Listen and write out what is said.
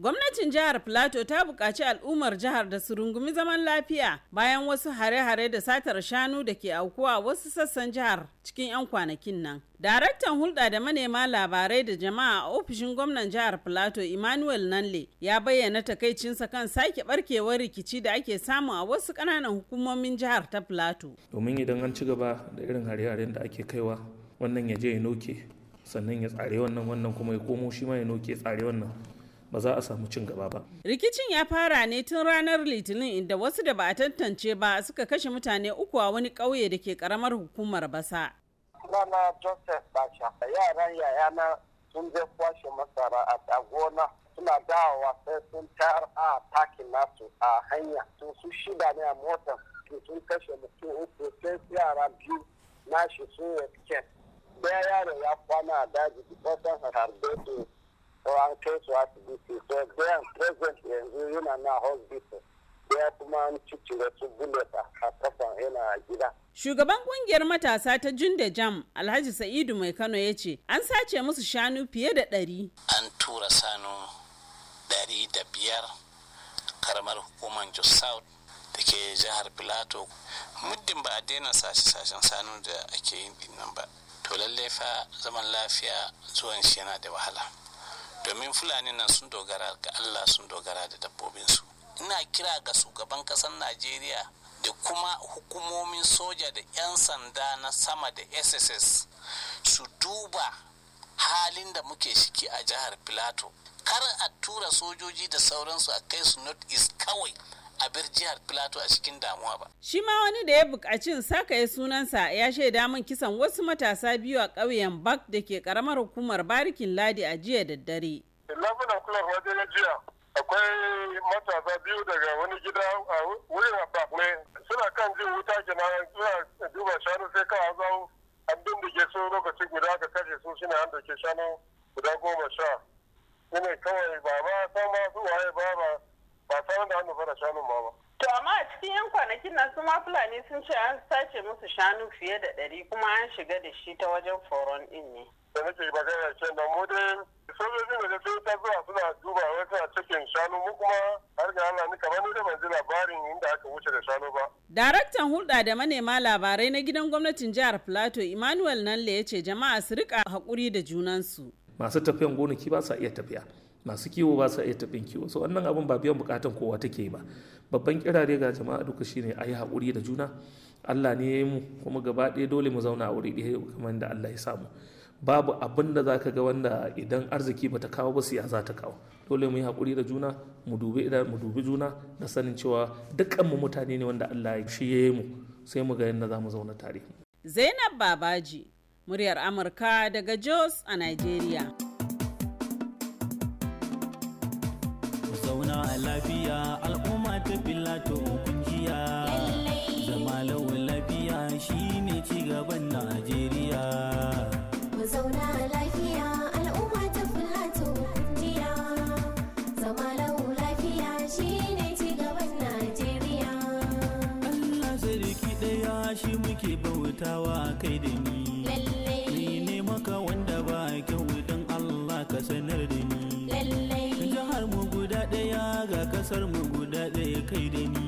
Gwamnatin jihar Plateau ta buƙaci al'ummar jihar da su rungumi zaman lafiya bayan wasu hare-hare da satar shanu da ke aukuwa wasu sassan jihar cikin 'yan kwanakin nan. Daraktan hulɗa da manema labarai da jama'a a ofishin gwamnan jihar Plateau Emmanuel Nanle ya bayyana takaicinsa kan sake barkewar rikici da ake samu a wasu ƙananan hukumomin jihar ta Plateau. Domin idan an ci gaba da irin hare-haren da ake kaiwa wannan ya je ya noke sannan ya tsare wannan wannan kuma ya komo shi ma ya noke tsare wannan ba za a samu cin gaba ba. Rikicin ya fara ne tun ranar Litinin inda wasu da ba a tantance ba suka kashe mutane uku a wani ƙauye da ke ƙaramar hukumar Basa. Rana Joseph Basha, yaran yayana sun je kwashe masara a gona suna dawowa sai sun tayar a takin nasu a hanya. Sun su shida ne a mota sun kashe mutum uku sai yara biyu nashi sun yi Daya yaro ya kwana a daji kusan harbe ko an kai su asibiti so bayan present yanzu yana na hospital ya kuma an ciccire su bullet a kafan yana gida. Shugaban kungiyar matasa ta Junda Jam Alhaji Sa'idu Mai Kano ya ce an sace musu shanu fiye da ɗari. An tura sanu ɗari da biyar karamar hukumar Jos South da ke jihar Filato. Muddin ba a daina sashe-sashen sanu da ake yin nan ba. To lallai fa zaman lafiya zuwan shi yana da wahala. domin fulani nan sun dogara ga allah sun dogara da dabbobinsu ina kira ga shugaban kasar najeriya da kuma hukumomin soja da 'yan sanda na sama da sss su duba halin da muke shiki a jihar filato kar a tura sojoji da sauransu a kai su north east kawai a jihar Plateau a cikin damuwa ba. Shi ma wani da ya buƙaci saka ya sunansa ya shaida min kisan wasu matasa biyu a ƙauyen Bak da ke ƙaramar hukumar Barikin Ladi a jiya da dare. Labunan kular waje na jiya akwai matasa biyu daga wani gida a wurin Abakme suna kan jin wuta kenan suna duba shanu sai ka zau an bindige su lokaci guda ka kashe su shine an dauke shanu guda goma sha. ina kawai ba ba san ma su waye ba ba ba samun da hannu fara shanun ba ba. To amma a cikin 'yan kwanakin nan su ma Fulani sun ce an sace musu shanu fiye da ɗari kuma an shiga da shi ta wajen foron ɗin ne. Da nake magana ce na mu dai sojojin da sun ta zuwa suna duba wai suna cikin shanu mu kuma har ga Allah ni kamar ni da ban ji labarin inda aka wuce da shanu ba. Daraktan hulɗa da manema labarai na gidan gwamnatin jihar Plateau Emmanuel Nanle ya ce jama'a su riƙa haƙuri da junansu. Masu tafiyan gonaki ba sa iya tafiya. masu kiwo ba sa iya taɓin kiwo so wannan abin ba biyan bukatan kowa take yi ba babban kirare ga jama'a duka shine a yi haƙuri da juna allah ne ya yi mu kuma gaba ɗaya dole mu zauna a wuri ɗaya kamar da allah ya samu babu abin da zaka ga wanda idan arziki ba ta kawo ba siya za ta kawo dole mu yi haƙuri da juna mu dubi idan mu dubi juna da sanin cewa dukkan mu mutane ne wanda Allah ya shi ya yi mu sai mu ga yadda za mu zauna tare Zainab Babaji muryar Amurka daga Jos a Nigeria lafiya al'umma ta filato kungiya zama lawan lafiya shine cigaban najeriya mu zauna lafiya kasar mu guda ɗaya kai da ni